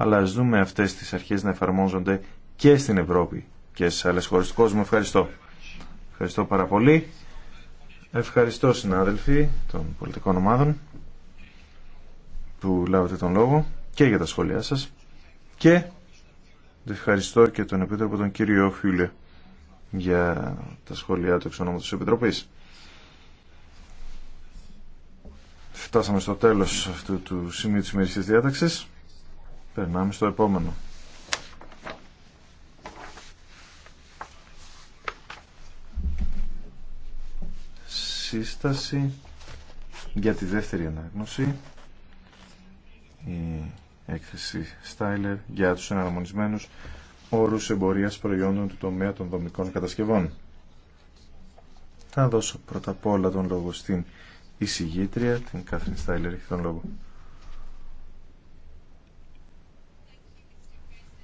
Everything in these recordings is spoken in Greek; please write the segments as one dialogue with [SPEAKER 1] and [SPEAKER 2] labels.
[SPEAKER 1] αλλά δούμε αυτές τις αρχές να εφαρμόζονται και στην Ευρώπη και σε άλλες χώρες του κόσμου. Ευχαριστώ. Ευχαριστώ πάρα πολύ. Ευχαριστώ συνάδελφοι των πολιτικών ομάδων που λάβετε τον λόγο και για τα σχόλιά σας και ευχαριστώ και τον Επίτροπο τον κύριο Φιούλε για τα σχόλιά του εξ της Επιτροπής. Φτάσαμε στο τέλος αυτού του σημείου της μερικής διάταξης. Περνάμε στο επόμενο. Σύσταση για τη δεύτερη ανάγνωση η έκθεση Στάιλερ για τους εναρμονισμένους όρους εμπορίας προϊόντων του τομέα των δομικών κατασκευών. Θα δώσω πρώτα απ' όλα τον λόγο στην εισηγήτρια, την Κάθριν Στάιλερ, έχει τον λόγο.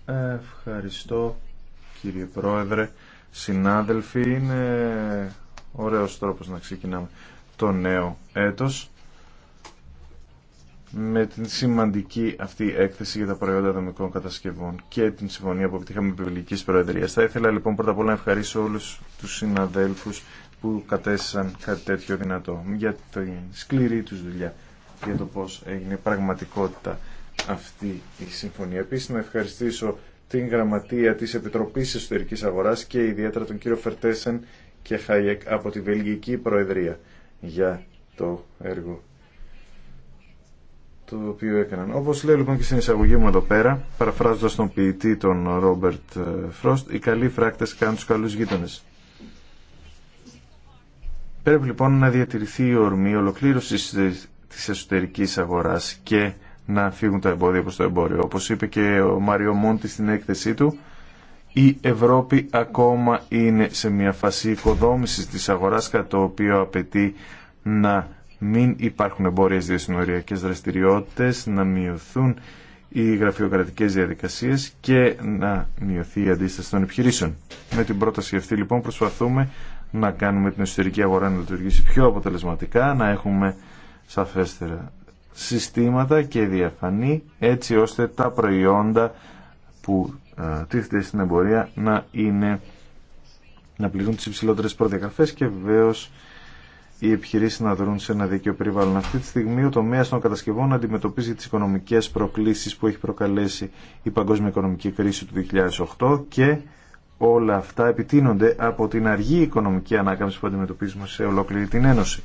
[SPEAKER 1] Ευχαριστώ κύριε Πρόεδρε. Συνάδελφοι, είναι ωραίος τρόπος να ξεκινάμε το νέο έτος με την σημαντική αυτή έκθεση για τα προϊόντα δομικών κατασκευών και την συμφωνία που επιτύχαμε με Βιβλικής Προεδρία. Θα ήθελα λοιπόν πρώτα απ' όλα να ευχαρίσω όλους τους συναδέλφους που κατέστησαν κάτι τέτοιο δυνατό για τη σκληρή τους δουλειά, για το πώς έγινε πραγματικότητα αυτή η συμφωνία. Επίση να ευχαριστήσω την γραμματεία της επιτροπή Εσωτερικής Αγοράς και ιδιαίτερα τον κύριο Φερτέσεν και Χάιεκ από τη Βελγική Προεδρία για το έργο το οποίο έκαναν. Όπως λέω λοιπόν και στην εισαγωγή μου εδώ πέρα, παραφράζοντα τον ποιητή τον Ρόμπερτ ε, Φρόστ, οι καλοί φράκτε κάνουν τους καλού γείτονε. Πρέπει λοιπόν να διατηρηθεί η ορμή ολοκλήρωση τη εσωτερική αγορά και να φύγουν τα εμπόδια προς το εμπόριο. Όπως είπε και ο Μάριο Μόντι στην έκθεσή του, η Ευρώπη ακόμα είναι σε μια φασή οικοδόμησης της αγοράς κατά το οποίο απαιτεί να μην υπάρχουν εμπόριες διασυνοριακές δραστηριότητες, να μειωθούν οι γραφειοκρατικές διαδικασίες και να μειωθεί η αντίσταση των επιχειρήσεων. Με την πρόταση αυτή λοιπόν προσπαθούμε να κάνουμε την εσωτερική αγορά να λειτουργήσει πιο αποτελεσματικά, να έχουμε σαφέστερα συστήματα και διαφανή έτσι ώστε τα προϊόντα που ε, τίθεται στην εμπορία να είναι να πληρούν τις υψηλότερες προδιαγραφές και βεβαίω οι επιχειρήσεις να δρουν σε ένα δίκαιο περιβάλλον. Αυτή τη στιγμή ο τομέα των κατασκευών αντιμετωπίζει τις οικονομικές προκλήσεις που έχει προκαλέσει η παγκόσμια οικονομική κρίση του 2008 και όλα αυτά επιτείνονται από την αργή οικονομική ανάκαμψη που αντιμετωπίζουμε σε ολόκληρη την Ένωση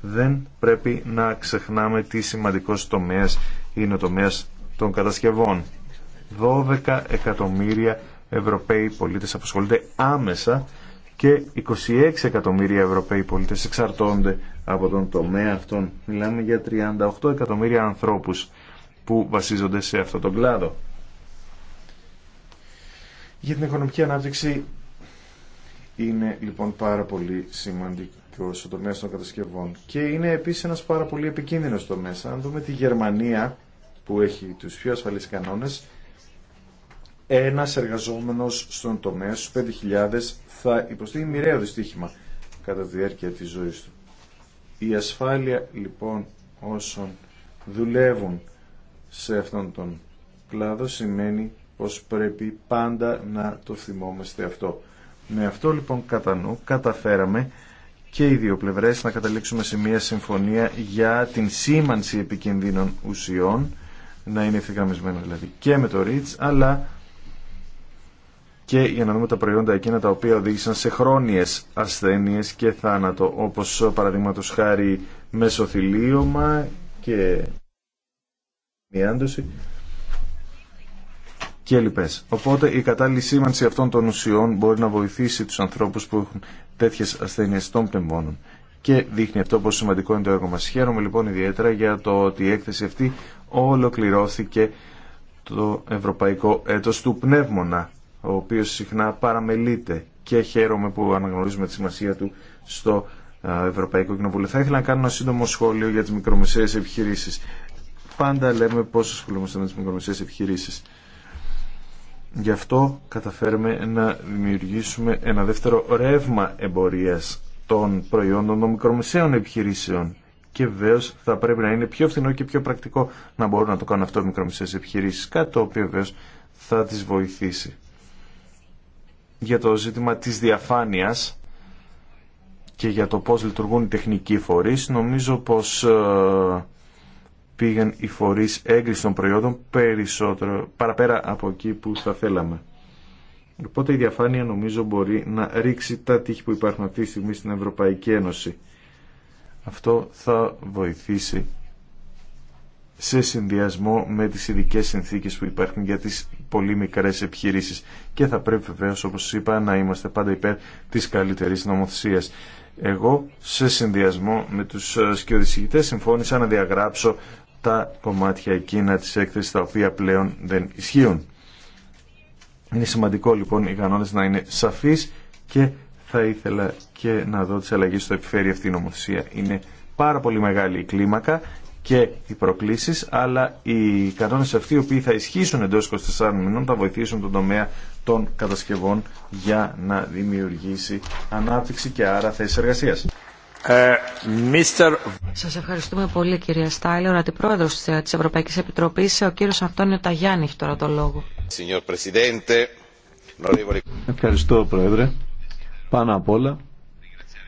[SPEAKER 1] δεν πρέπει να ξεχνάμε τι σημαντικός τομέας είναι ο τομέας των κατασκευών. 12 εκατομμύρια Ευρωπαίοι πολίτες απασχολούνται άμεσα και 26 εκατομμύρια Ευρωπαίοι πολίτες εξαρτώνται από τον τομέα αυτόν. Μιλάμε για 38 εκατομμύρια ανθρώπους που βασίζονται σε αυτόν τον κλάδο. Για την οικονομική ανάπτυξη είναι λοιπόν πάρα πολύ σημαντικό στο τομέα των κατασκευών. Και είναι επίσης ένας πάρα πολύ επικίνδυνος τομέας. Αν δούμε τη Γερμανία που έχει τους πιο ασφαλείς κανόνες, ένας εργαζόμενος στον τομέα στου 5.000 θα υποστεί μοιραίο δυστύχημα κατά τη διάρκεια τη ζωής του. Η ασφάλεια λοιπόν όσων δουλεύουν σε αυτόν τον κλάδο σημαίνει πως πρέπει πάντα να το θυμόμαστε αυτό. Με αυτό λοιπόν κατά νου καταφέραμε και οι δύο πλευρές να καταλήξουμε σε μια συμφωνία για την σήμανση επικίνδυνων ουσιών να είναι ευθυγραμμισμένο δηλαδή και με το REACH αλλά και για να δούμε τα προϊόντα εκείνα τα οποία οδήγησαν σε χρόνιες ασθένειες και θάνατο όπως παραδείγματο χάρη μεσοθυλίωμα και άντωση και Οπότε η κατάλληλη σήμανση αυτών των ουσιών μπορεί να βοηθήσει τους ανθρώπους που έχουν τέτοιες ασθένειες των πνευμόνων. Και δείχνει αυτό πόσο σημαντικό είναι το έργο μας. Χαίρομαι λοιπόν ιδιαίτερα για το ότι η έκθεση αυτή ολοκληρώθηκε το Ευρωπαϊκό Έτος του Πνεύμονα, ο οποίος συχνά παραμελείται και χαίρομαι που αναγνωρίζουμε τη σημασία του στο Ευρωπαϊκό Κοινοβούλιο. Θα ήθελα να κάνω ένα σύντομο σχόλιο για τις μικρομεσαίες επιχειρήσεις. Πάντα λέμε πόσο ασχολούμαστε με τις μικρομεσαίες επιχειρήσεις. Γι' αυτό καταφέρουμε να δημιουργήσουμε ένα δεύτερο ρεύμα εμπορίας των προϊόντων των μικρομεσαίων επιχειρήσεων. Και βεβαίω θα πρέπει να είναι πιο φθηνό και πιο πρακτικό να μπορούν να το κάνουν αυτό οι μικρομεσαίες επιχειρήσεις, κάτι το οποίο βεβαίω θα τις βοηθήσει. Για το ζήτημα της διαφάνειας και για το πώς λειτουργούν οι τεχνικοί φορείς, νομίζω πως ε, πήγαν οι φορείς έγκριση των προϊόντων περισσότερο, παραπέρα από εκεί που θα θέλαμε. Οπότε η διαφάνεια νομίζω μπορεί να ρίξει τα τείχη που υπάρχουν αυτή τη στιγμή στην Ευρωπαϊκή Ένωση. Αυτό θα βοηθήσει σε συνδυασμό με τις ειδικέ συνθήκες που υπάρχουν για τις πολύ μικρές επιχειρήσεις. Και θα πρέπει βεβαίω, όπως σας είπα, να είμαστε πάντα υπέρ της καλύτερης νομοθεσίας. Εγώ, σε συνδυασμό με τους σκιοδησηγητές, συμφώνησα να διαγράψω τα κομμάτια εκείνα της έκθεσης τα οποία πλέον δεν ισχύουν. Είναι σημαντικό λοιπόν οι κανόνες να είναι σαφείς και θα ήθελα και να δω τις αλλαγές στο επιφέρει αυτή η νομοθεσία. Είναι πάρα πολύ μεγάλη η κλίμακα και οι προκλήσεις, αλλά οι κανόνες αυτοί οι οποίοι θα ισχύσουν εντός 24 μηνών θα βοηθήσουν τον τομέα των κατασκευών για να δημιουργήσει ανάπτυξη και άρα θέσεις εργασίας. Ε,
[SPEAKER 2] Σας ευχαριστούμε πολύ κυρία Στάιλερ, αντιπρόεδρος ε, της Ευρωπαϊκής Επιτροπής, ο κύριος Αντώνιο Ταγιάννη
[SPEAKER 3] έχει τώρα το λόγο. Ευχαριστώ Πρόεδρε. Πάνω απ' όλα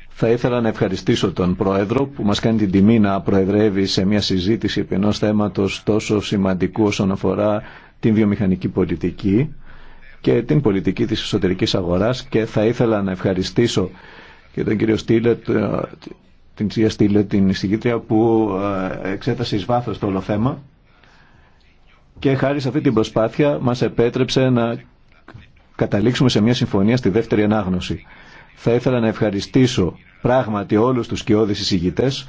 [SPEAKER 3] θα ήθελα να ευχαριστήσω τον Πρόεδρο που μας κάνει την τιμή να προεδρεύει σε μια συζήτηση επί ενός θέματος τόσο σημαντικού όσον αφορά την βιομηχανική πολιτική και την πολιτική της εσωτερικής αγοράς και θα ήθελα να ευχαριστήσω και τον κύριο Στήλε, την κυρία Στήλε, την εισηγήτρια που ε, εξέτασε εις βάθος το όλο θέμα και χάρη σε αυτή την προσπάθεια μας επέτρεψε να καταλήξουμε σε μια συμφωνία στη δεύτερη ανάγνωση. Θα ήθελα να ευχαριστήσω πράγματι όλους τους σκιώδεις εισηγητές,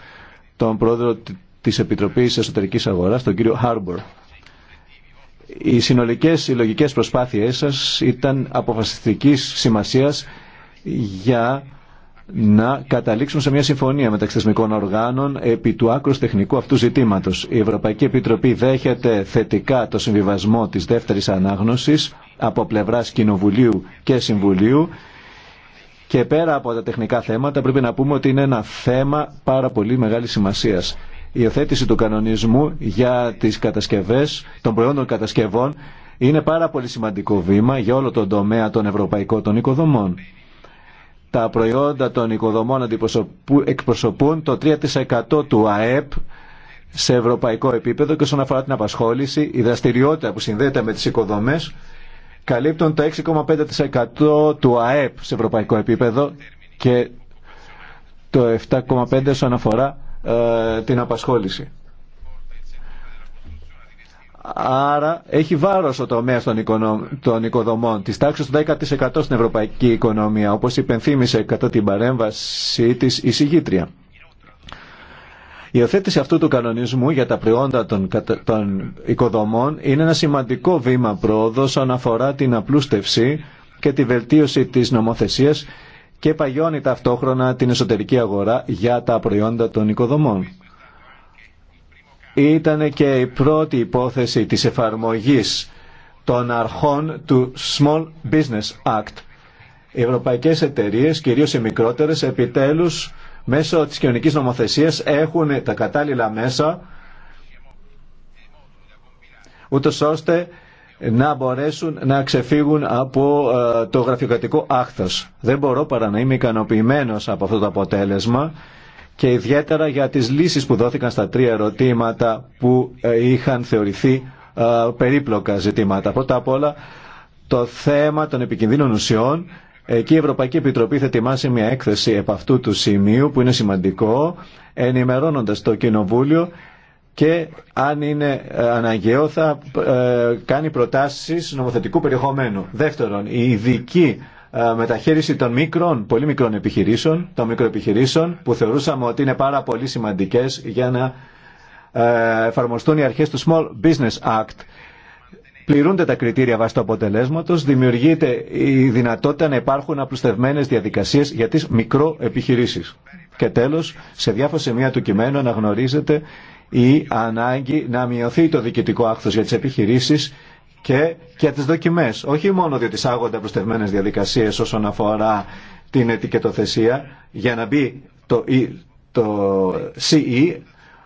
[SPEAKER 3] τον πρόεδρο της Επιτροπής Εσωτερικής Αγοράς, τον κύριο Χάρμπορ. Οι συνολικές συλλογικέ προσπάθειές σας ήταν αποφασιστικής σημασίας για να καταλήξουν σε μια συμφωνία μεταξύ θεσμικών οργάνων επί του άκρου τεχνικού αυτού ζητήματο. Η Ευρωπαϊκή Επιτροπή δέχεται θετικά το συμβιβασμό τη δεύτερη ανάγνωση από πλευρά Κοινοβουλίου και Συμβουλίου. Και πέρα από τα τεχνικά θέματα πρέπει να πούμε ότι είναι ένα θέμα πάρα πολύ μεγάλη σημασία. Η υιοθέτηση του κανονισμού για τις κατασκευές, των προϊόντων κατασκευών είναι πάρα πολύ σημαντικό βήμα για όλο τον τομέα των ευρωπαϊκών των οικοδομών τα προϊόντα των οικοδομών εκπροσωπούν το 3% του ΑΕΠ σε ευρωπαϊκό επίπεδο και όσον αφορά την απασχόληση, η δραστηριότητα που συνδέεται με τις οικοδομές καλύπτουν το 6,5% του ΑΕΠ σε ευρωπαϊκό επίπεδο και το 7,5% όσον αφορά ε, την απασχόληση. Άρα έχει βάρος ο τομέας των, οικοδομών της τάξης του 10% στην ευρωπαϊκή οικονομία, όπως υπενθύμησε κατά την παρέμβαση της η συγγήτρια. Η οθέτηση αυτού του κανονισμού για τα προϊόντα των, των οικοδομών είναι ένα σημαντικό βήμα πρόοδο όσον αφορά την απλούστευση και τη βελτίωση της νομοθεσίας και παγιώνει ταυτόχρονα την εσωτερική αγορά για τα προϊόντα των οικοδομών ήταν και η πρώτη υπόθεση της εφαρμογής των αρχών του Small Business Act. Οι ευρωπαϊκές εταιρείες, κυρίως οι μικρότερες, επιτέλους μέσω της κοινωνικής νομοθεσίας έχουν τα κατάλληλα μέσα ούτως ώστε να μπορέσουν να ξεφύγουν από ε, το γραφειοκρατικό άχθος. Δεν μπορώ παρά να είμαι ικανοποιημένος από αυτό το αποτέλεσμα και ιδιαίτερα για τις λύσεις που δόθηκαν στα τρία ερωτήματα που ε, είχαν θεωρηθεί ε, περίπλοκα ζητήματα. Πρώτα απ' όλα το θέμα των επικινδύνων ουσιών. Εκεί η Ευρωπαϊκή Επιτροπή θα ετοιμάσει μια έκθεση επ' αυτού του σημείου που είναι σημαντικό, ενημερώνοντας το Κοινοβούλιο και αν είναι ε, αναγκαίο θα κάνει προτάσεις νομοθετικού περιεχομένου. Δεύτερον, η ειδική ε, μεταχείριση των μικρών, πολύ μικρών επιχειρήσεων, των μικροεπιχειρήσεων που θεωρούσαμε ότι είναι πάρα πολύ σημαντικές για να ε, εφαρμοστούν οι αρχές του Small Business Act. Πληρούνται τα κριτήρια βάσει του αποτελέσματο, δημιουργείται η δυνατότητα να υπάρχουν απλουστευμένε διαδικασίε για τι μικροεπιχειρήσει. Και τέλο, σε διάφορα σημεία του κειμένου αναγνωρίζεται η ανάγκη να μειωθεί το διοικητικό άκθος για τις επιχειρήσεις και για τις δοκιμές. Όχι μόνο διότι σάγονται προστευμένες διαδικασίες όσον αφορά την ετικετοθεσία για να μπει το, e, το CE,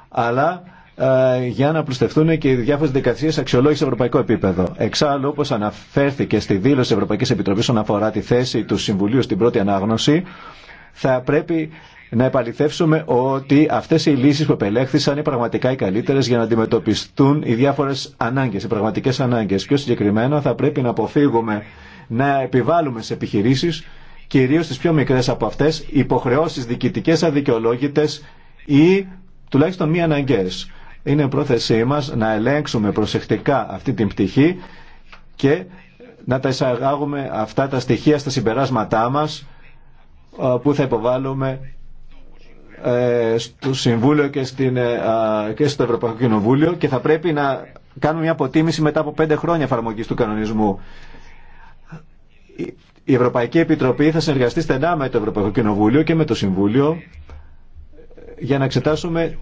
[SPEAKER 3] αλλά ε, για να απλουστευτούν και οι διάφορε δικασίε αξιολόγηση σε ευρωπαϊκό επίπεδο. Εξάλλου, όπω αναφέρθηκε στη δήλωση τη Ευρωπαϊκή Επιτροπή όσον αφορά τη θέση του Συμβουλίου στην πρώτη ανάγνωση, θα πρέπει να επαληθεύσουμε ότι αυτέ οι λύσει που επελέχθησαν είναι πραγματικά οι καλύτερε για να αντιμετωπιστούν οι διάφορε ανάγκε, οι πραγματικέ ανάγκε. Πιο συγκεκριμένα θα πρέπει να αποφύγουμε να επιβάλλουμε σε επιχειρήσει κυρίω τι πιο μικρέ από αυτέ, υποχρεώσει, διοικητικέ αδικαιολόγητε ή τουλάχιστον μη αναγκαίε. Είναι πρόθεσή μα να ελέγξουμε προσεκτικά αυτή την πτυχή και να τα εισαγάγουμε αυτά τα στοιχεία στα συμπεράσματά μα ε, που θα υποβάλουμε ε, στο Συμβούλιο και, στην, ε, στο Ευρωπαϊκό Κοινοβούλιο και θα πρέπει να κάνουμε μια αποτίμηση μετά από πέντε χρόνια εφαρμογή του κανονισμού. Η Ευρωπαϊκή Επιτροπή θα συνεργαστεί στενά με το Ευρωπαϊκό Κοινοβούλιο και με το Συμβούλιο ε, για να εξετάσουμε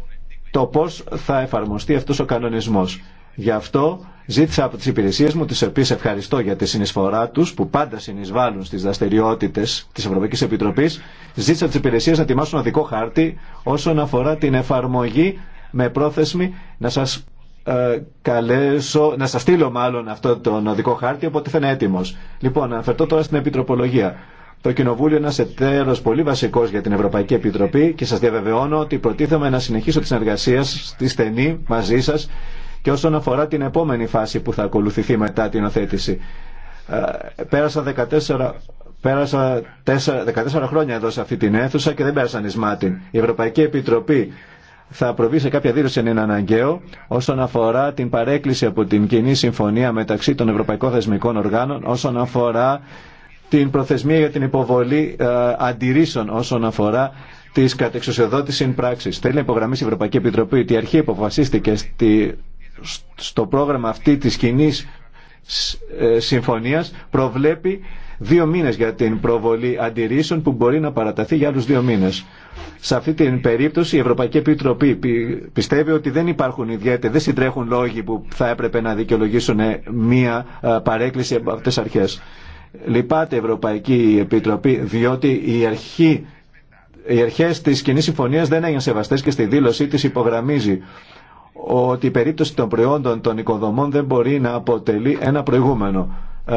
[SPEAKER 3] το πώς θα εφαρμοστεί αυτός ο κανονισμός. Γι' αυτό Ζήτησα από τις υπηρεσίες μου, τις οποίες ευχαριστώ για τη συνεισφορά τους, που πάντα συνεισβάλλουν στις δραστηριότητε της Ευρωπαϊκής Επιτροπής, ζήτησα από τις υπηρεσίες να ετοιμάσουν οδικό χάρτη όσον αφορά την εφαρμογή με πρόθεσμη να σας ε, καλέσω, να σας στείλω μάλλον αυτό τον οδικό χάρτη, οπότε θα είναι έτοιμος. Λοιπόν, αναφερθώ τώρα στην επιτροπολογία. Το Κοινοβούλιο είναι ένα εταίρο πολύ βασικό για την Ευρωπαϊκή Επιτροπή και σα διαβεβαιώνω ότι προτίθεμαι να συνεχίσω τη συνεργασία στη στενή μαζί σα και όσον αφορά την επόμενη φάση που θα ακολουθηθεί μετά την οθέτηση. Ε, πέρασα 14 Πέρασα 14 χρόνια εδώ σε αυτή την αίθουσα και δεν πέρασαν εις Η Ευρωπαϊκή Επιτροπή θα προβεί σε κάποια δήλωση εν είναι αναγκαίο όσον αφορά την παρέκκληση από την κοινή συμφωνία μεταξύ των Ευρωπαϊκών Θεσμικών Οργάνων όσον αφορά την προθεσμία για την υποβολή ε, αντιρρήσεων όσον αφορά τι κατεξουσιοδότησης πράξη. Θέλει να υπογραμμίσει η Ευρωπαϊκή Επιτροπή ότι η αρχή υποφασίστηκε στη στο πρόγραμμα αυτή της κοινή ε, συμφωνίας προβλέπει δύο μήνες για την προβολή αντιρρήσεων που μπορεί να παραταθεί για άλλους δύο μήνες. Σε αυτή την περίπτωση η Ευρωπαϊκή Επιτροπή πιστεύει ότι δεν υπάρχουν ιδιαίτερα, δεν συντρέχουν λόγοι που θα έπρεπε να δικαιολογήσουν ε, μία ε, παρέκκληση από αυτές τις αρχές. Λυπάται η Ευρωπαϊκή Επιτροπή διότι η αρχή οι αρχές της κοινή συμφωνίας δεν έγιναν σεβαστές και στη δήλωσή της υπογραμμίζει ότι η περίπτωση των προϊόντων των οικοδομών δεν μπορεί να αποτελεί ένα προηγούμενο. Ε,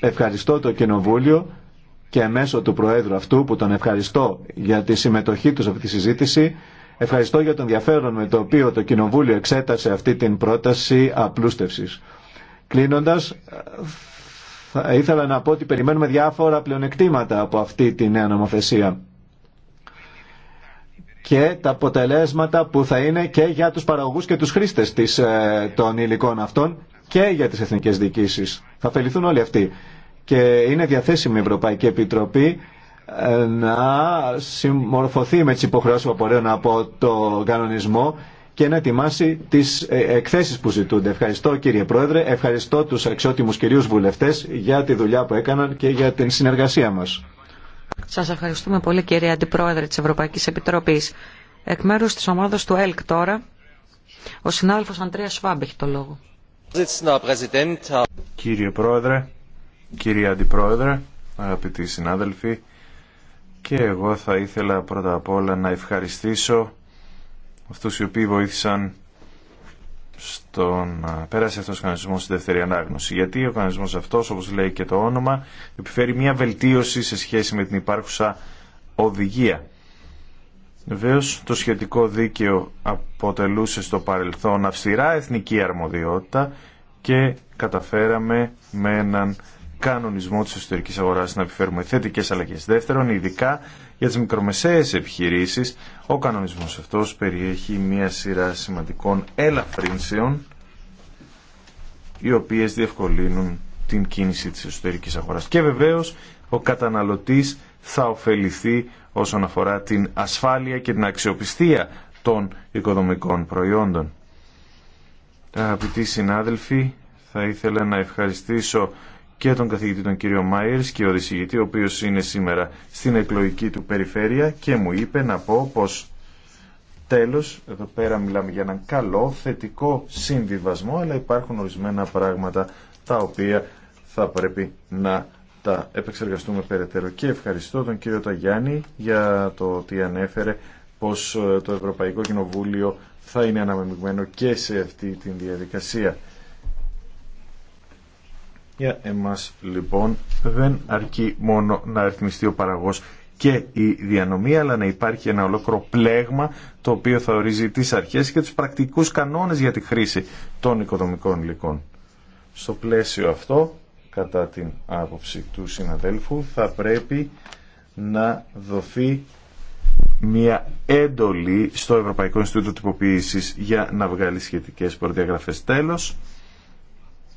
[SPEAKER 3] ευχαριστώ το Κοινοβούλιο και μέσω του Προέδρου αυτού που τον ευχαριστώ για τη συμμετοχή του σε αυτή τη συζήτηση. Ευχαριστώ για τον ενδιαφέρον με το οποίο το Κοινοβούλιο εξέτασε αυτή την πρόταση απλούστευσης. Κλείνοντας, θα ήθελα να πω ότι περιμένουμε διάφορα πλεονεκτήματα από αυτή τη νέα νομοθεσία και τα αποτελέσματα που θα είναι και για τους παραγωγούς και τους χρήστες της, ε, των υλικών αυτών και για τις εθνικές διοικήσεις. Θα ωφεληθούν όλοι αυτοί. Και είναι διαθέσιμη η Ευρωπαϊκή Επιτροπή ε, να συμμορφωθεί με τις υποχρεώσεις που απορρέουν από τον κανονισμό και να ετοιμάσει τις ε, εκθέσεις που ζητούνται. Ευχαριστώ κύριε Πρόεδρε, ευχαριστώ τους αξιότιμους κυρίους βουλευτές για τη δουλειά που έκαναν και για την συνεργασία μας.
[SPEAKER 2] Σας ευχαριστούμε πολύ κύριε Αντιπρόεδρε της Ευρωπαϊκής Επιτροπής. Εκ μέρους της ομάδας του ΕΛΚ τώρα, ο συνάδελφος Αντρέας Σφάμπ έχει το λόγο.
[SPEAKER 1] Κύριε Πρόεδρε, κύριε Αντιπρόεδρε, αγαπητοί συνάδελφοι, και εγώ θα ήθελα πρώτα απ' όλα να ευχαριστήσω αυτούς οι οποίοι βοήθησαν στον πέρασε αυτός ο κανονισμός στη δεύτερη ανάγνωση. Γιατί ο κανονισμός αυτός, όπως λέει και το όνομα, επιφέρει μια βελτίωση σε σχέση με την υπάρχουσα οδηγία. Βεβαίω, το σχετικό δίκαιο αποτελούσε στο παρελθόν αυστηρά εθνική αρμοδιότητα και καταφέραμε με έναν κανονισμό της εσωτερική αγοράς να επιφέρουμε θετικέ αλλαγές. Δεύτερον, ειδικά για τι μικρομεσαίες επιχειρήσει. ο κανονισμό αυτό περιέχει μία σειρά σημαντικών ελαφρύνσεων, οι οποίε διευκολύνουν την κίνηση της εσωτερική αγορά. Και βεβαίω ο καταναλωτή θα ωφεληθεί όσον αφορά την ασφάλεια και την αξιοπιστία των οικοδομικών προϊόντων. Αγαπητοί συνάδελφοι, θα ήθελα να ευχαριστήσω και τον καθηγητή τον κύριο Μάιερ και ο δισηγητή ο οποίος είναι σήμερα στην εκλογική του περιφέρεια και μου είπε να πω πως τέλος, εδώ πέρα μιλάμε για έναν καλό θετικό συμβιβασμό αλλά υπάρχουν ορισμένα πράγματα τα οποία θα πρέπει να τα επεξεργαστούμε περαιτέρω και ευχαριστώ τον κύριο Ταγιάννη για το ότι ανέφερε πως ε, το Ευρωπαϊκό Κοινοβούλιο θα είναι αναμεμειγμένο και σε αυτή τη διαδικασία. Για εμάς λοιπόν δεν αρκεί μόνο να ρυθμιστεί ο παραγός και η διανομή, αλλά να υπάρχει ένα ολόκληρο πλέγμα το οποίο θα ορίζει τις αρχές και τους πρακτικούς κανόνες για τη χρήση των οικοδομικών υλικών. Στο πλαίσιο αυτό, κατά την άποψη του συναδέλφου, θα πρέπει να δοθεί μια έντολη στο Ευρωπαϊκό Ινστιτούτο Τυποποίησης για να βγάλει σχετικές προδιαγραφές. Τέλος,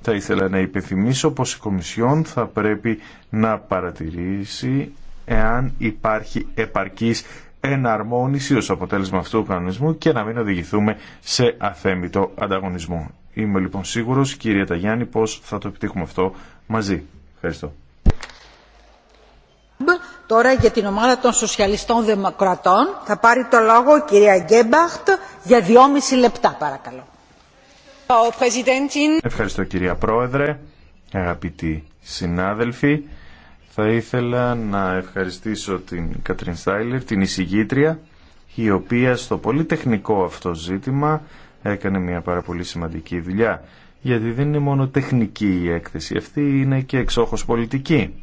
[SPEAKER 1] θα ήθελα να υπενθυμίσω πως η Κομισιόν θα πρέπει να παρατηρήσει εάν υπάρχει επαρκής εναρμόνιση ως αποτέλεσμα αυτού του κανονισμού και να μην οδηγηθούμε σε αθέμητο ανταγωνισμό. Είμαι λοιπόν σίγουρος, κύριε Ταγιάννη, πως θα το επιτύχουμε αυτό μαζί. Ευχαριστώ.
[SPEAKER 4] Τώρα για την ομάδα των Σοσιαλιστών Δημοκρατών θα πάρει το λόγο η κυρία Γκέμπαχτ για δυόμιση λεπτά παρακαλώ.
[SPEAKER 1] Ευχαριστώ κυρία Πρόεδρε, αγαπητοί συνάδελφοι. Θα ήθελα να ευχαριστήσω την Κατρίν Στάιλερ, την εισηγήτρια, η οποία στο πολύ τεχνικό αυτό ζήτημα έκανε μια πάρα πολύ σημαντική δουλειά. Γιατί δεν είναι μόνο τεχνική η έκθεση, αυτή είναι και εξόχως πολιτική.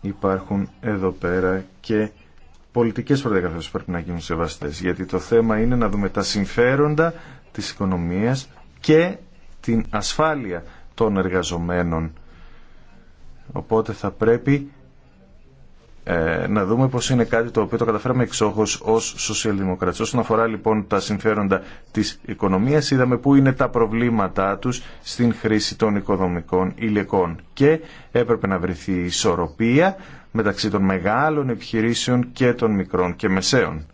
[SPEAKER 1] Υπάρχουν εδώ πέρα και πολιτικές που πρέπει να γίνουν σεβαστέ. γιατί το θέμα είναι να δούμε τα συμφέροντα τη οικονομία και την ασφάλεια των εργαζομένων. Οπότε θα πρέπει ε, να δούμε πως είναι κάτι το οποίο το καταφέραμε εξόχως ως σοσιαλδημοκρατία. Όσον αφορά λοιπόν τα συμφέροντα της οικονομίας, είδαμε πού είναι τα προβλήματά τους στην χρήση των οικοδομικών υλικών και έπρεπε να βρεθεί ισορροπία μεταξύ των μεγάλων επιχειρήσεων και των μικρών και μεσαίων.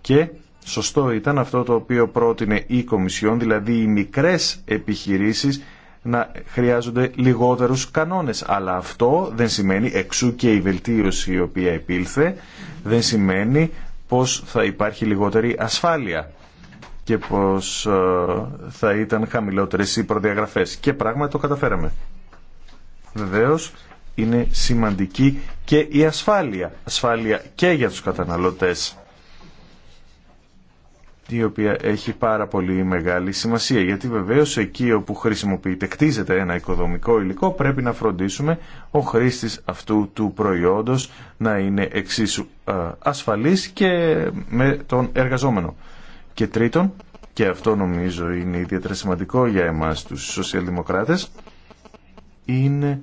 [SPEAKER 1] Και σωστό ήταν αυτό το οποίο πρότεινε η Κομισιόν, δηλαδή οι μικρές επιχειρήσεις να χρειάζονται λιγότερους κανόνες. Αλλά αυτό δεν σημαίνει, εξού και η βελτίωση η οποία επήλθε, δεν σημαίνει πως θα υπάρχει λιγότερη ασφάλεια και πως ε, θα ήταν χαμηλότερες οι προδιαγραφές. Και πράγματι το καταφέραμε. Βεβαίως, είναι σημαντική και η ασφάλεια. Ασφάλεια και για τους καταναλωτές η οποία έχει πάρα πολύ μεγάλη σημασία γιατί βεβαίως εκεί όπου χρησιμοποιείται κτίζεται ένα οικοδομικό υλικό πρέπει να φροντίσουμε ο χρήστης αυτού του προϊόντος να είναι εξίσου ασφαλής και με τον εργαζόμενο. Και τρίτον, και αυτό νομίζω είναι ιδιαίτερα σημαντικό για εμάς τους σοσιαλδημοκράτες, είναι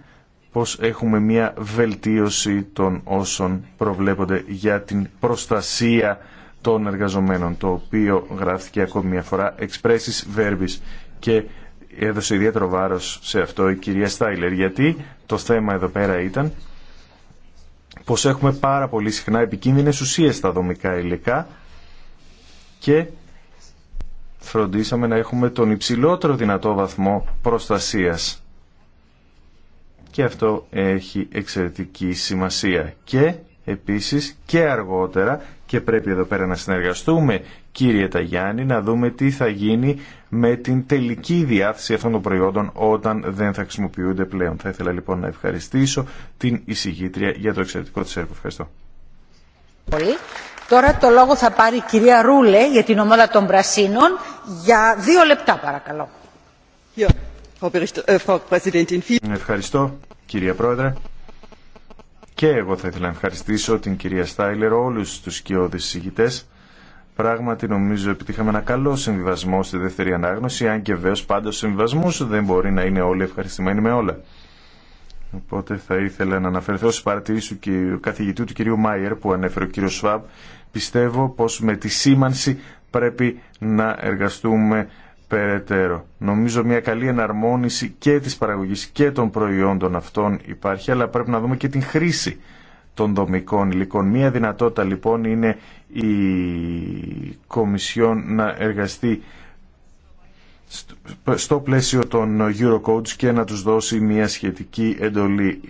[SPEAKER 1] πως έχουμε μια βελτίωση των όσων προβλέπονται για την προστασία των εργαζομένων, το οποίο γράφτηκε ακόμη μια φορά expressis verbis και έδωσε ιδιαίτερο βάρος σε αυτό η κυρία Στάιλερ, γιατί το θέμα εδώ πέρα ήταν πως έχουμε πάρα πολύ συχνά επικίνδυνες ουσίες στα δομικά υλικά και φροντίσαμε να έχουμε τον υψηλότερο δυνατό βαθμό προστασίας και αυτό έχει εξαιρετική σημασία. Και επίσης και αργότερα και πρέπει εδώ πέρα να συνεργαστούμε κύριε Ταγιάννη να δούμε τι θα γίνει με την τελική διάθεση αυτών των προϊόντων όταν δεν θα χρησιμοποιούνται πλέον. Θα ήθελα λοιπόν να ευχαριστήσω την εισηγήτρια για το εξαιρετικό της έργο. Ευχαριστώ.
[SPEAKER 4] Πολύ. Τώρα το λόγο θα πάρει η κυρία Ρούλε για την ομάδα των Πρασίνων για δύο λεπτά παρακαλώ.
[SPEAKER 1] Äh, Ευχαριστώ κυρία Πρόεδρε. Και εγώ θα ήθελα να ευχαριστήσω την κυρία Στάιλερ, όλους τους σκιώδεις συγητές. Πράγματι νομίζω επιτύχαμε ένα καλό συμβιβασμό στη δεύτερη ανάγνωση, αν και πάντα πάντως συμβιβασμός δεν μπορεί να είναι όλοι ευχαριστημένοι με όλα. Οπότε θα ήθελα να αναφερθώ στις παρατηρήσεις του καθηγητού του κυρίου Μάιερ που ανέφερε ο κύριος Σφάμπ. Πιστεύω πως με τη σήμανση πρέπει να εργαστούμε περαιτέρω. Νομίζω μια καλή εναρμόνιση και της παραγωγής και των προϊόντων αυτών υπάρχει, αλλά πρέπει να δούμε και την χρήση των δομικών υλικών. Μία δυνατότητα λοιπόν είναι η Κομισιόν να εργαστεί στο πλαίσιο των Eurocodes και να τους δώσει μια σχετική εντολή.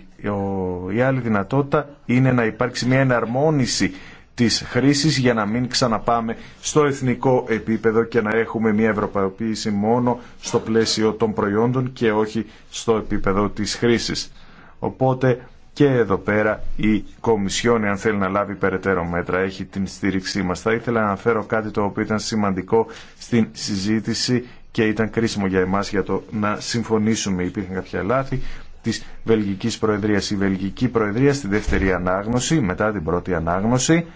[SPEAKER 1] Η άλλη δυνατότητα είναι να υπάρξει μια εναρμόνιση της χρήσης για να μην ξαναπάμε στο εθνικό επίπεδο και να έχουμε μια ευρωπαϊκή μόνο στο πλαίσιο των προϊόντων και όχι στο επίπεδο της χρήσης. Οπότε και εδώ πέρα η Κομισιόν, αν θέλει να λάβει περαιτέρω μέτρα, έχει την στήριξή μας. Θα ήθελα να αναφέρω κάτι το οποίο ήταν σημαντικό στην συζήτηση και ήταν κρίσιμο για εμάς για το να συμφωνήσουμε. Υπήρχαν κάποια λάθη της Βελγικής Προεδρίας. Η Βελγική Προεδρία στη δεύτερη ανάγνωση, μετά την πρώτη ανάγνωση,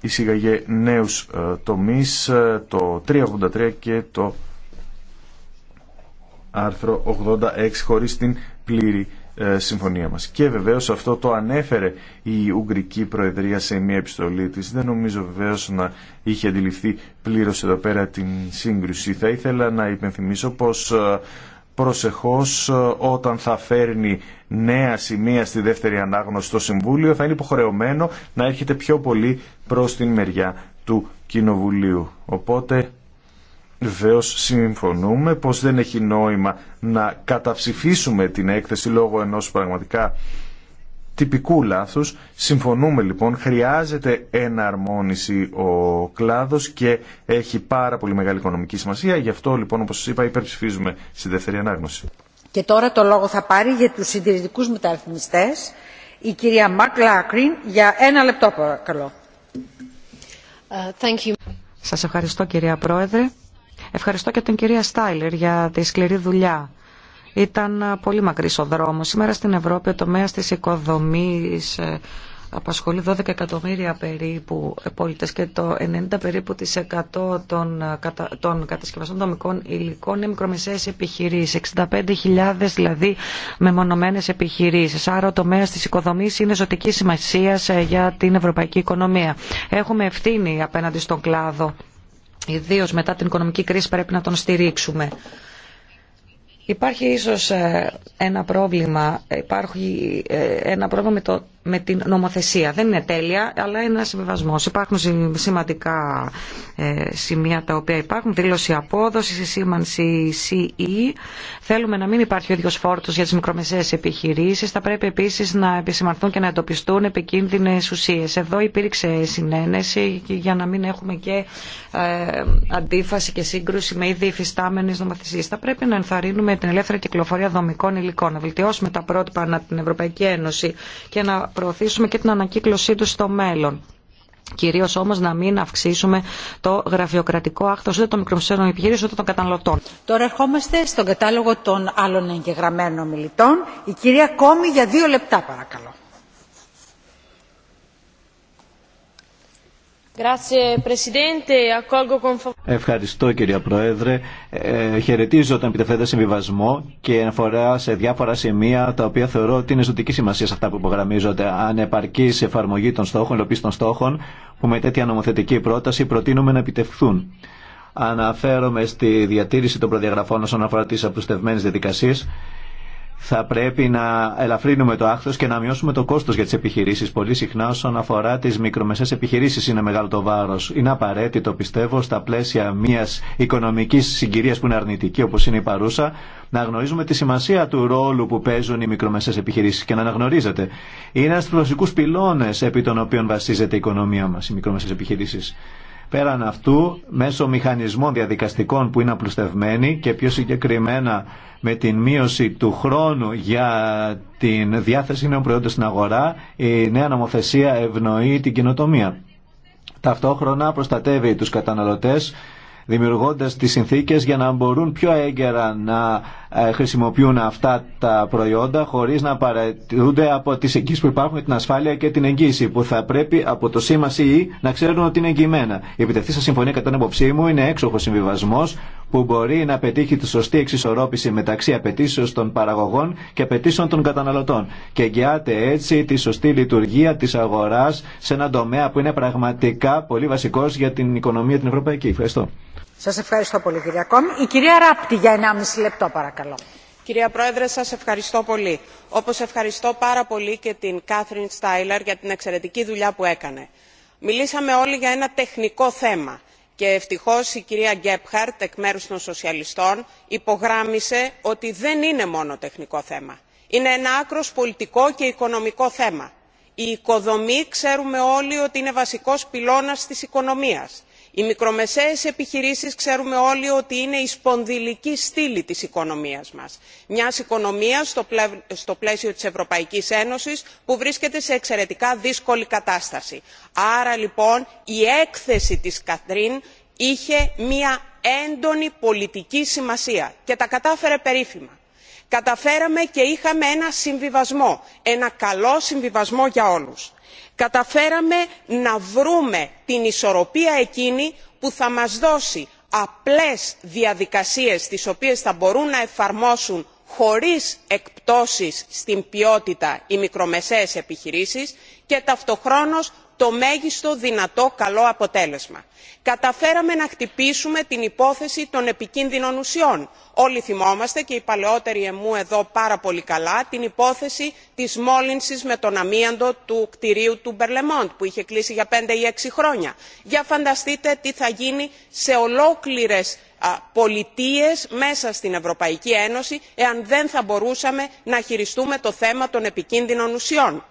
[SPEAKER 1] εισήγαγε νέους ε, τομείς, ε, το 383 και το άρθρο 86 χωρίς την πλήρη ε, συμφωνία μας. Και βεβαίως αυτό το ανέφερε η Ουγγρική Προεδρία σε μια επιστολή της. Δεν νομίζω βεβαίως να είχε αντιληφθεί πλήρως εδώ πέρα την σύγκρουση. Θα ήθελα να υπενθυμίσω πως προσεχώς ε, όταν θα φέρνει νέα σημεία στη δεύτερη ανάγνωση στο Συμβούλιο θα είναι υποχρεωμένο να έρχεται πιο πολύ προς την μεριά του Κοινοβουλίου. Οπότε Βεβαίω συμφωνούμε πως δεν έχει νόημα να καταψηφίσουμε την έκθεση λόγω ενός πραγματικά τυπικού λάθους. Συμφωνούμε λοιπόν, χρειάζεται εναρμόνιση ο κλάδος και έχει πάρα πολύ μεγάλη οικονομική σημασία. Γι' αυτό λοιπόν, όπως σας είπα, υπερψηφίζουμε στη δεύτερη ανάγνωση.
[SPEAKER 4] Και τώρα το λόγο θα πάρει για τους συντηρητικούς μεταρρυθμιστές η κυρία Μακ Λάκριν για ένα λεπτό παρακαλώ.
[SPEAKER 2] Ε, σας ευχαριστώ κυρία Πρόεδρε. Ευχαριστώ και την κυρία Στάιλερ για τη σκληρή δουλειά ήταν πολύ μακρύς ο δρόμος. Σήμερα στην Ευρώπη ο τομέας της οικοδομής ε, απασχολεί 12 εκατομμύρια περίπου πολίτες και το 90 περίπου της 100 των, ε, κατα... των κατασκευαστών δομικών υλικών είναι μικρομεσαίες επιχειρήσεις, 65.000 δηλαδή μεμονωμένες επιχειρήσεις. Άρα ο τομέας της οικοδομή είναι ζωτική σημασία ε, για την ευρωπαϊκή οικονομία. Έχουμε ευθύνη απέναντι στον κλάδο. Ιδίω μετά την οικονομική κρίση πρέπει να τον στηρίξουμε. Υπάρχει ίσως ε, ένα πρόβλημα, υπάρχει ε, ένα πρόβλημα με το με την νομοθεσία. Δεν είναι τέλεια, αλλά είναι ένα συμβιβασμό. Υπάρχουν σημαντικά ε, σημεία τα οποία υπάρχουν. Δήλωση απόδοση, σήμανση CE. Θέλουμε να μην υπάρχει ο ίδιο φόρτο για τι μικρομεσαίε επιχειρήσει. Θα πρέπει επίση να επισημανθούν και να εντοπιστούν επικίνδυνε ουσίε. Εδώ υπήρξε συνένεση για να μην έχουμε και ε, αντίφαση και σύγκρουση με ήδη υφιστάμενε νομοθεσίε. Θα πρέπει να ενθαρρύνουμε την ελεύθερη κυκλοφορία δομικών υλικών, να βελτιώσουμε τα πρότυπα ανά την Ευρωπαϊκή Ένωση και να προωθήσουμε και την ανακύκλωσή του στο μέλλον. Κυρίω όμω να μην αυξήσουμε το γραφειοκρατικό άκτο ούτε των μικρομεσαίων επιχειρήσεων ούτε των καταναλωτών. Τώρα ερχόμαστε
[SPEAKER 4] στον κατάλογο των άλλων εγγεγραμμένων μιλητών. Η κυρία Κόμη για δύο λεπτά παρακαλώ.
[SPEAKER 3] Ευχαριστώ κύριε Πρόεδρε. Ε, χαιρετίζω τον επιτεθέντα συμβιβασμό και αναφορά σε διάφορα σημεία τα οποία θεωρώ ότι είναι ζωτική σημασία σε αυτά που υπογραμμίζονται. Ανεπαρκή εφαρμογή των στόχων, υλοποίηση των στόχων που με τέτοια νομοθετική πρόταση προτείνουμε να επιτευχθούν. Αναφέρομαι στη διατήρηση των προδιαγραφών όσον αφορά τι απλουστευμένε διαδικασίε θα πρέπει να ελαφρύνουμε το άχθος και να μειώσουμε το κόστος για τις επιχειρήσεις. Πολύ συχνά όσον αφορά τις μικρομεσαίες επιχειρήσεις είναι μεγάλο το βάρος. Είναι απαραίτητο πιστεύω στα πλαίσια μιας οικονομικής συγκυρίας που είναι αρνητική όπως είναι η παρούσα να γνωρίζουμε τη σημασία του ρόλου που παίζουν οι μικρομεσαίες επιχειρήσεις και να αναγνωρίζετε. Είναι ένας βασικούς πυλώνες επί των οποίων βασίζεται η οικονομία μας, οι μικρομεσαίες επιχειρήσεις. Πέραν αυτού, μέσω μηχανισμών διαδικαστικών που είναι απλουστευμένοι και πιο συγκεκριμένα με την μείωση του χρόνου για την διάθεση νέων προϊόντων στην αγορά, η νέα νομοθεσία ευνοεί την κοινοτομία. Ταυτόχρονα προστατεύει τους καταναλωτές δημιουργώντας τις συνθήκες για να μπορούν πιο έγκαιρα να ε, χρησιμοποιούν αυτά τα προϊόντα χωρίς να παρατηρούνται από τις εγγύσεις που υπάρχουν την ασφάλεια και την εγγύηση που θα πρέπει από το σήμα CE να ξέρουν ότι είναι εγγυημένα. Η επιτευχή σας συμφωνία κατά την αποψή μου είναι έξοχο συμβιβασμό που μπορεί να πετύχει τη σωστή εξισορρόπηση μεταξύ απαιτήσεων των παραγωγών και απαιτήσεων των καταναλωτών και εγγυάται έτσι τη σωστή λειτουργία της αγοράς σε έναν τομέα που είναι πραγματικά πολύ βασικός για την οικονομία την ευρωπαϊκή. Ευχαριστώ.
[SPEAKER 4] Σας ευχαριστώ πολύ κυρία Η κυρία Ράπτη για 1,5 λεπτό παρακαλώ.
[SPEAKER 5] Κυρία Πρόεδρε, σας ευχαριστώ πολύ. Όπως ευχαριστώ πάρα πολύ και την Κάθριν Στάιλερ για την εξαιρετική δουλειά που έκανε. Μιλήσαμε όλοι για ένα τεχνικό θέμα και ευτυχώς η κυρία Γκέπχαρτ εκ μέρους των Σοσιαλιστών υπογράμμισε ότι δεν είναι μόνο τεχνικό θέμα. Είναι ένα άκρος πολιτικό και οικονομικό θέμα. Η οικοδομή ξέρουμε όλοι ότι είναι βασικός πυλώνας της οικονομίας οι μικρομεσαίες επιχειρήσεις ξέρουμε όλοι ότι είναι η σπονδυλική στήλη της οικονομίας μας μιας οικονομίας στο πλαίσιο της ευρωπαϊκής ένωσης που βρίσκεται σε εξαιρετικά δύσκολη κατάσταση. άρα λοιπόν η έκθεση της κατρίν είχε μια έντονη πολιτική σημασία και τα κατάφερε περίφημα. καταφέραμε και είχαμε ένα συμβιβασμό ένα καλό συμβιβασμό για όλους καταφέραμε να βρούμε την ισορροπία εκείνη που θα μας δώσει απλές διαδικασίες τις οποίες θα μπορούν να εφαρμόσουν χωρίς εκπτώσεις στην ποιότητα οι μικρομεσαίες επιχειρήσεις και ταυτοχρόνως το μέγιστο δυνατό καλό αποτέλεσμα. καταφέραμε να χτυπήσουμε την υπόθεση των επικίνδυνων ουσιών όλοι θυμόμαστε και οι παλαιότεροι μου εδώ πάρα πολύ καλά την υπόθεση της μόλυνσης με τον αμίαντο του κτηρίου του μπερλεμόντ που είχε κλείσει για πέντε ή έξι χρόνια. για φανταστείτε τι θα γίνει σε ολόκληρες πολιτείες μέσα στην ευρωπαϊκή ένωση εάν δεν θα μπορούσαμε να χειριστούμε το θέμα των επικίνδυνων ουσιών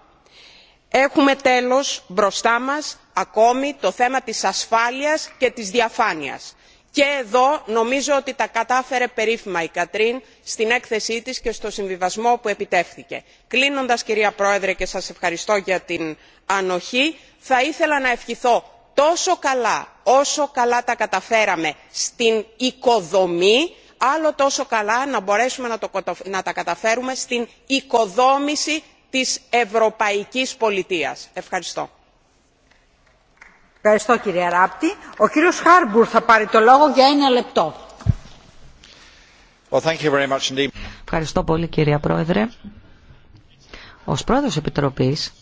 [SPEAKER 5] έχουμε τέλος μπροστά μας ακόμη το θέμα της ασφάλειας και της διαφάνειας και εδώ νομίζω ότι τα κατάφερε περίφημα η κατρίν στην έκθεσή της και στο συμβιβασμό που επιτεύχθηκε. κλείνοντας κυρία πρόεδρε και σας ευχαριστώ για την ανοχή θα ήθελα να ευχηθώ τόσο καλά όσο καλά τα καταφέραμε στην οικοδομή άλλο τόσο καλά να μπορέσουμε να, τα καταφέρουμε στην οικοδόμηση της ευρωπαϊκής πολιτείας. Ευχαριστώ.
[SPEAKER 4] Ευχαριστώ κύριε Ράπτη. Ο κύριος Χάρμπουρ θα πάρει το λόγο για ένα λεπτό.
[SPEAKER 2] Ευχαριστώ πολύ κύριε Πρόεδρε. Ως Πρόεδρος Επιτροπής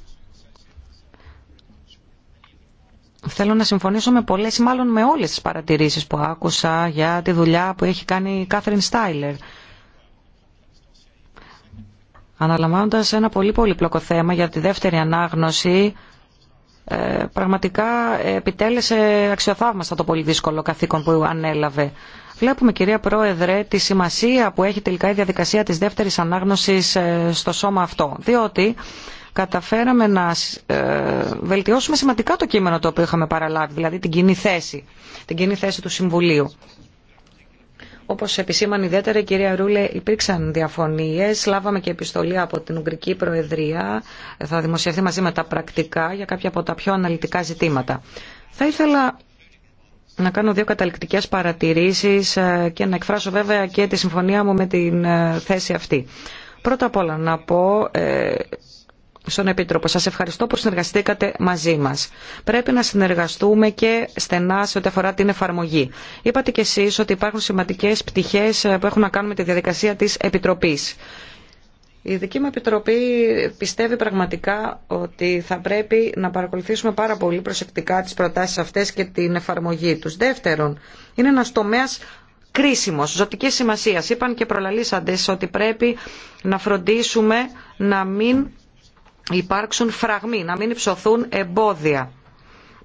[SPEAKER 2] Θέλω να συμφωνήσω με πολλές ή μάλλον με όλες τις παρατηρήσεις που άκουσα για τη δουλειά που έχει κάνει η Κάθριν Στάιλερ αναλαμβάνοντας ένα πολύ πολύπλοκο θέμα για τη δεύτερη ανάγνωση ε, πραγματικά επιτέλεσε αξιοθαύμαστα το πολύ δύσκολο καθήκον που ανέλαβε. Βλέπουμε κυρία Πρόεδρε τη σημασία που έχει τελικά η διαδικασία της δεύτερης ανάγνωσης ε, στο σώμα αυτό. Διότι καταφέραμε να ε, βελτιώσουμε σημαντικά το κείμενο το οποίο είχαμε παραλάβει, δηλαδή την κοινή θέση, την κοινή θέση του Συμβουλίου. Όπως επισήμανε ιδιαίτερα η κυρία Ρούλε υπήρξαν διαφωνίες, λάβαμε και επιστολή από την Ουγγρική Προεδρία, θα δημοσιευθεί μαζί με τα πρακτικά για κάποια από τα πιο αναλυτικά ζητήματα. Θα ήθελα να κάνω δύο καταληκτικές παρατηρήσεις ε, και να εκφράσω βέβαια και τη συμφωνία μου με την ε, θέση αυτή. Πρώτα απ' όλα να πω ε, στον Επίτροπο. Σας ευχαριστώ που συνεργαστήκατε μαζί μας. Πρέπει να συνεργαστούμε και στενά σε ό,τι αφορά την εφαρμογή. Είπατε κι εσείς ότι υπάρχουν σημαντικές πτυχές ε, που έχουν να κάνουν με τη διαδικασία της Επιτροπής. Η δική μου επιτροπή πιστεύει πραγματικά ότι θα πρέπει να παρακολουθήσουμε πάρα πολύ προσεκτικά τις προτάσεις αυτές και την εφαρμογή τους. Δεύτερον, είναι ένας τομέας κρίσιμο, ζωτική σημασία. Είπαν και προλαλήσαντες ότι πρέπει να φροντίσουμε να μην υπάρξουν φραγμοί, να μην υψωθούν εμπόδια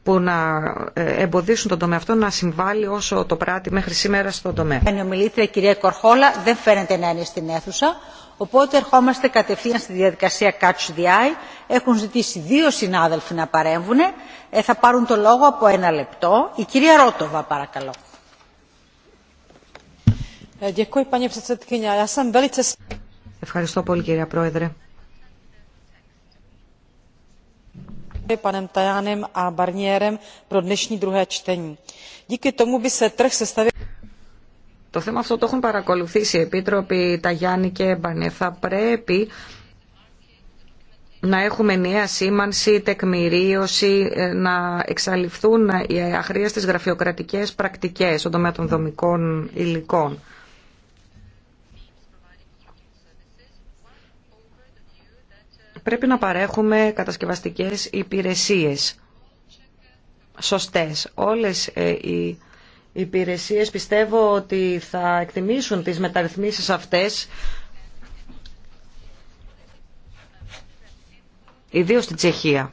[SPEAKER 2] που να ε, εμποδίσουν τον τομέα αυτό να συμβάλλει όσο το πράττει μέχρι σήμερα στον τομέα.
[SPEAKER 4] Είναι ομιλήτρια η κυρία
[SPEAKER 2] Κορχόλα, δεν
[SPEAKER 4] φαίνεται να είναι στην αίθουσα, οπότε ερχόμαστε κατευθείαν στη διαδικασία Catch the Eye. Έχουν ζητήσει δύο συνάδελφοι να παρέμβουν. Ε, θα πάρουν το λόγο από ένα λεπτό. Η κυρία Ρότοβα, παρακαλώ. Ε,
[SPEAKER 2] Ευχαριστώ πολύ κυρία Πρόεδρε. Το θέμα αυτό το έχουν παρακολουθήσει οι επίτροποι Ταγιάννη και Μπαρνιέ. Θα πρέπει να έχουμε νέα σήμανση, τεκμηρίωση, ε, να εξαλειφθούν οι αχρίαστες γραφειοκρατικές πρακτικές στον τομέα των δομικών υλικών. Πρέπει να παρέχουμε κατασκευαστικές υπηρεσίες σωστές. Όλες ε, οι υπηρεσίες πιστεύω ότι θα εκτιμήσουν τις μεταρρυθμίσεις αυτές ιδίως στην Τσεχία.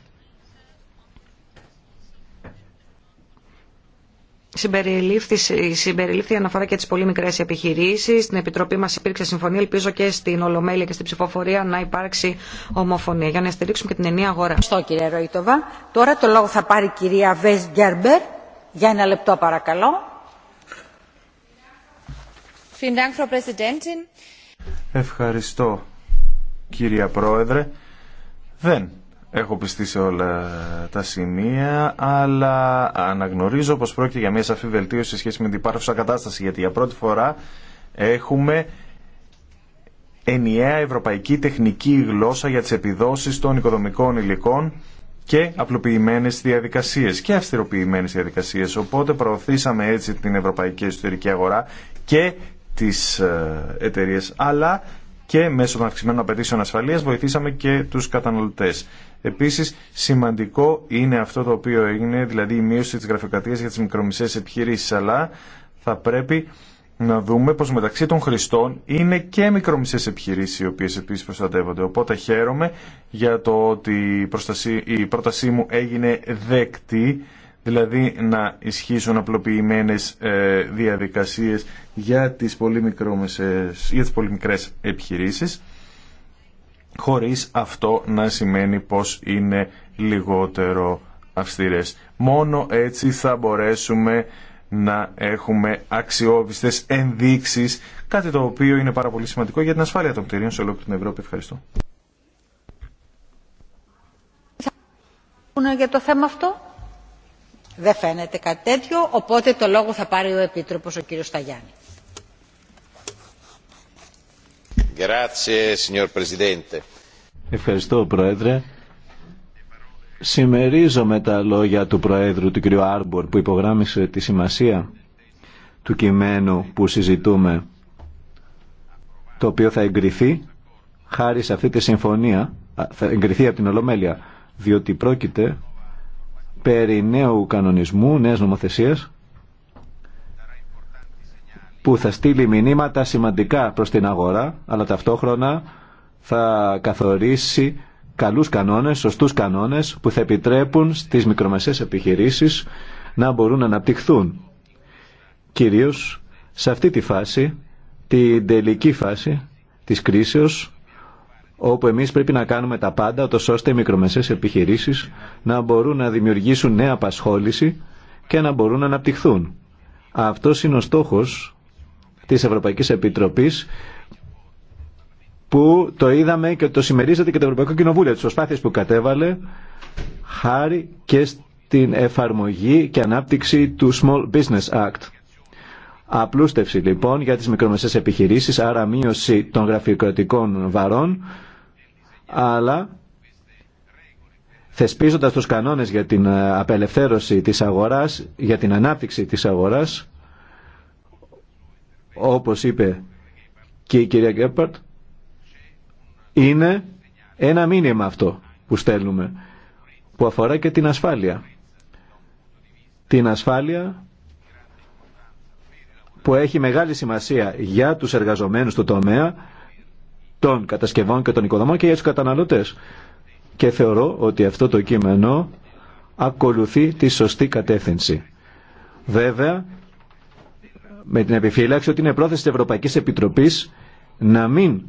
[SPEAKER 2] Συμπεριλήφθη, αναφορά και τι πολύ μικρέ επιχειρήσει. Στην Επιτροπή μα υπήρξε συμφωνία. Ελπίζω και στην Ολομέλεια και στην ψηφοφορία να υπάρξει ομοφωνία για να στηρίξουμε και την ενιαία αγορά. Ευχαριστώ κύριε Ροϊτοβά. Τώρα το λόγο θα πάρει η κυρία Βέσ Γκέρμπερ.
[SPEAKER 4] Για ένα λεπτό παρακαλώ.
[SPEAKER 1] Ευχαριστώ κυρία Πρόεδρε. Δεν έχω πιστεί σε όλα τα σημεία, αλλά αναγνωρίζω πως πρόκειται για μια σαφή βελτίωση σε σχέση με την υπάρχουσα κατάσταση, γιατί για πρώτη φορά έχουμε ενιαία ευρωπαϊκή τεχνική γλώσσα για τις επιδόσεις των οικοδομικών υλικών και απλοποιημένες διαδικασίες και αυστηροποιημένες διαδικασίες. Οπότε προωθήσαμε έτσι την ευρωπαϊκή εσωτερική αγορά και τις ε, εταιρείε αλλά και μέσω των αυξημένων απαιτήσεων ασφαλείας βοηθήσαμε και τους καταναλωτέ. Επίσης, σημαντικό είναι αυτό το οποίο έγινε, δηλαδή η μείωση τη γραφειοκρατία για τις μικρομισέ επιχειρήσει, αλλά θα πρέπει να δούμε πως μεταξύ των χρηστών είναι και μικρομισές επιχειρήσει, οι οποίες επίσης προστατεύονται. Οπότε χαίρομαι για το ότι η πρότασή μου έγινε δεκτή δηλαδή να ισχύσουν απλοποιημένες ε, διαδικασίες για τις πολύ, μικρόμεσες, για τις πολύ μικρές επιχειρήσεις χωρίς αυτό να σημαίνει πως είναι λιγότερο αυστηρές. Μόνο έτσι θα μπορέσουμε να έχουμε αξιόπιστες ενδείξεις, κάτι το οποίο είναι πάρα πολύ σημαντικό για την ασφάλεια των κτηρίων σε όλο την Ευρώπη. Ευχαριστώ.
[SPEAKER 4] για το θέμα αυτό. Δεν φαίνεται κάτι τέτοιο, οπότε το λόγο θα πάρει ο Επίτροπος, ο κύριος Σταγιάννη.
[SPEAKER 3] Ευχαριστώ, Πρόεδρε. με τα λόγια του Προέδρου, του κύριου Άρμπορ, που υπογράμμισε τη σημασία του κειμένου που συζητούμε, το οποίο θα εγκριθεί χάρη σε αυτή τη συμφωνία, θα εγκριθεί από την Ολομέλεια, διότι πρόκειται περί νέου κανονισμού, νέας νομοθεσίας που θα στείλει μηνύματα σημαντικά προς την αγορά αλλά ταυτόχρονα θα καθορίσει καλούς κανόνες, σωστούς κανόνες που θα επιτρέπουν στις μικρομεσαίες επιχειρήσεις να μπορούν να αναπτυχθούν. Κυρίως σε αυτή τη φάση, την τελική φάση της κρίσεως όπου εμείς πρέπει να κάνουμε τα πάντα, ώστε οι μικρομεσαίες επιχειρήσεις να μπορούν να δημιουργήσουν νέα απασχόληση και να μπορούν να αναπτυχθούν. Αυτός είναι ο στόχος της Ευρωπαϊκής Επιτροπής που το είδαμε και το συμμερίζεται και το Ευρωπαϊκό Κοινοβούλιο, τις προσπάθειες που κατέβαλε χάρη και στην εφαρμογή και ανάπτυξη του Small Business Act. Απλούστευση λοιπόν για τις μικρομεσαίες επιχειρήσεις, άρα μείωση των γραφειοκρατικών βαρών αλλά θεσπίζοντας τους κανόνες για την ε, απελευθέρωση της αγοράς, για την ανάπτυξη της αγοράς, όπως είπε και η κυρία Γκέπαρτ, είναι ένα μήνυμα αυτό που στέλνουμε, που αφορά και την ασφάλεια. Την ασφάλεια που έχει μεγάλη σημασία για τους εργαζομένους του τομέα, των κατασκευών και των οικοδομών και για τους καταναλωτές. Και θεωρώ ότι αυτό το κείμενο ακολουθεί τη σωστή κατεύθυνση. Βέβαια, με την επιφύλαξη ότι είναι πρόθεση της Ευρωπαϊκής Επιτροπής να μην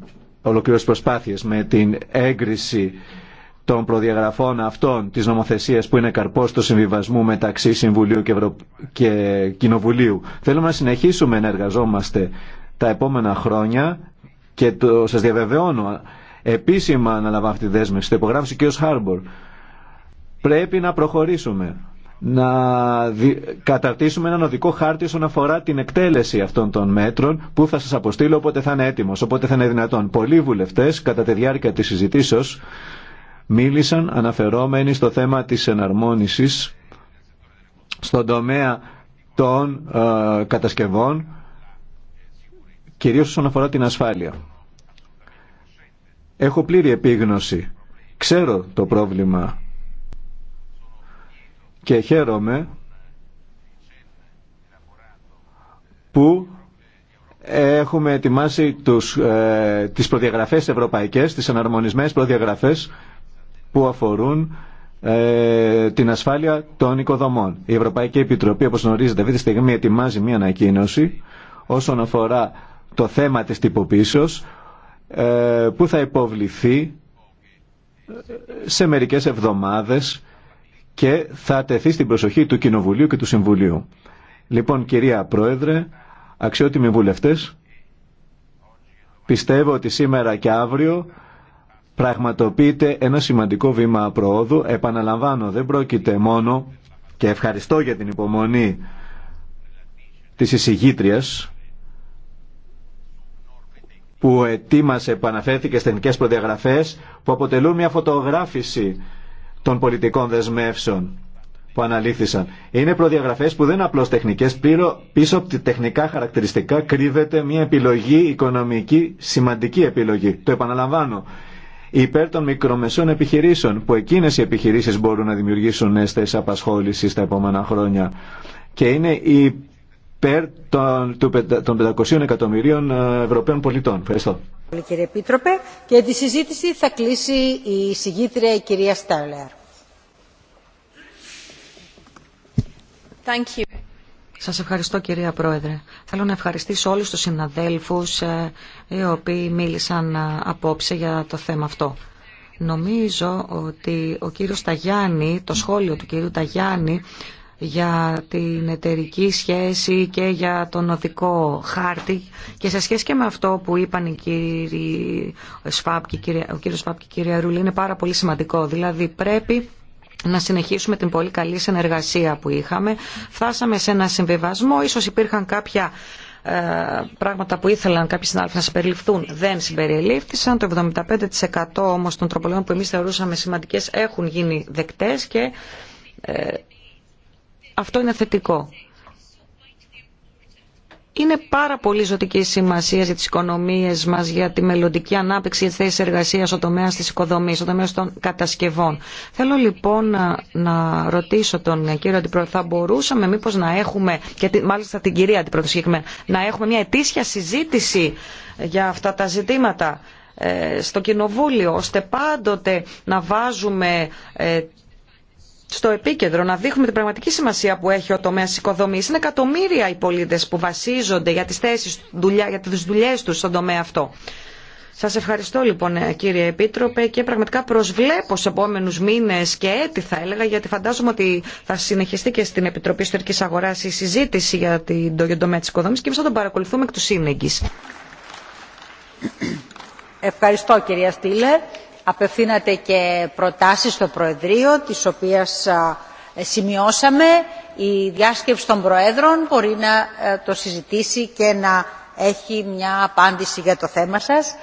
[SPEAKER 3] ολοκληρώσει προσπάθειες με την έγκριση των προδιαγραφών αυτών της νομοθεσίας που είναι καρπός του συμβιβασμού μεταξύ Συμβουλίου και, και Κοινοβουλίου. Θέλουμε να συνεχίσουμε να εργαζόμαστε τα επόμενα χρόνια και το, σας διαβεβαιώνω, επίσημα αναλαμβάνω αυτή τη δέσμευση, το υπογράφησε ο κ. Χάρμπορ. Πρέπει να προχωρήσουμε, να δι... καταρτήσουμε έναν οδικό χάρτη όσον αφορά την εκτέλεση αυτών των μέτρων που θα σας αποστείλω όποτε θα είναι έτοιμος, όποτε θα είναι δυνατόν. Πολλοί βουλευτές κατά τη διάρκεια της συζητήσεως μίλησαν αναφερόμενοι στο θέμα της εναρμόνισης στον τομέα των ε, κατασκευών κυρίως όσον αφορά την ασφάλεια. Έχω πλήρη επίγνωση. Ξέρω το πρόβλημα και χαίρομαι που έχουμε ετοιμάσει τους, ε, τις προδιαγραφές ευρωπαϊκές, τις αναρμονισμένες προδιαγραφές που αφορούν ε, την ασφάλεια των οικοδομών. Η Ευρωπαϊκή Επιτροπή, όπως γνωρίζετε, αυτή τη στιγμή ετοιμάζει μια ανακοίνωση όσον αφορά το θέμα της τυποποίησεως ε, που θα υποβληθεί ε, σε μερικές εβδομάδες και θα τεθεί στην προσοχή του Κοινοβουλίου και του Συμβουλίου. Λοιπόν, κυρία Πρόεδρε, αξιότιμοι βουλευτές, πιστεύω ότι σήμερα και αύριο πραγματοποιείται ένα σημαντικό βήμα προόδου. Επαναλαμβάνω, δεν πρόκειται μόνο και ευχαριστώ για την υπομονή της εισηγήτριας που ετοίμασε, που αναφέρθηκε στις τεχνικές προδιαγραφές, που αποτελούν μια φωτογράφηση των πολιτικών δεσμεύσεων που αναλύθησαν. Είναι προδιαγραφές που δεν είναι απλώς τεχνικές, πίσω από τη τεχνικά χαρακτηριστικά κρύβεται μια επιλογή οικονομική, σημαντική επιλογή. Το επαναλαμβάνω. Υπέρ των μικρομεσών επιχειρήσεων, που εκείνε οι επιχειρήσει μπορούν να δημιουργήσουν νέες θέσει τα επόμενα χρόνια. Και είναι η υπέρ των, των 500 εκατομμυρίων ε, Ευρωπαίων πολιτών. Ευχαριστώ.
[SPEAKER 4] Κύριε Επίτροπε, και τη συζήτηση θα κλείσει η συγγήτρια η κυρία Στάλερ.
[SPEAKER 2] Σας ευχαριστώ κυρία Πρόεδρε. Θέλω να ευχαριστήσω όλους τους συναδέλφους ε, οι οποίοι μίλησαν ε, απόψε για το θέμα αυτό. Νομίζω ότι ο κύριος Ταγιάννη, το σχόλιο του κύριου Ταγιάννη για την εταιρική σχέση και για τον οδικό χάρτη και σε σχέση και με αυτό που είπαν οι κύριοι Σφάπ κυρία, ο κύριος Σφάπ και η κυρία Ρούλη είναι πάρα πολύ σημαντικό. Δηλαδή πρέπει να συνεχίσουμε την πολύ καλή συνεργασία που είχαμε. Φτάσαμε σε ένα συμβιβασμό, ίσως υπήρχαν κάποια ε, πράγματα που ήθελαν κάποιοι συνάδελφοι να συμπεριληφθούν δεν συμπεριελήφθησαν. Το 75% όμως των τροπολιών που εμείς θεωρούσαμε σημαντικές έχουν γίνει δεκτές και ε, αυτό είναι θετικό. Είναι πάρα πολύ ζωτική σημασία για τι οικονομίε μα, για τη μελλοντική ανάπτυξη τη θέση εργασία, ο τομέα τη οικοδομή, ο τομέα των κατασκευών. Θέλω λοιπόν να, να ρωτήσω τον κύριο Αντιπρόεδρο, θα μπορούσαμε μήπω να έχουμε, και μάλιστα την κυρία Αντιπρόεδρο συγκεκριμένα, να έχουμε μια ετήσια συζήτηση για αυτά τα ζητήματα ε, στο κοινοβούλιο ώστε πάντοτε να βάζουμε ε, στο επίκεντρο, να δείχνουμε την πραγματική σημασία που έχει ο τομέα τη οικοδομή. Είναι εκατομμύρια οι πολίτε που βασίζονται για τι θέσει, για δουλειέ του στον τομέα αυτό. Σα ευχαριστώ λοιπόν κύριε Επίτροπε και πραγματικά προσβλέπω σε επόμενου μήνε και έτη θα έλεγα γιατί φαντάζομαι ότι θα συνεχιστεί και στην Επιτροπή Ιστορική Αγορά η συζήτηση για το τομέα τη οικοδομή και εμεί θα τον παρακολουθούμε εκ του σύνεγγυ.
[SPEAKER 4] Ευχαριστώ κυρία Στήλε απευθύνατε και προτάσεις στο Προεδρείο, τις οποίες σημειώσαμε. Η διάσκεψη των Προέδρων μπορεί να ε, το συζητήσει και να έχει μια απάντηση για το θέμα σας.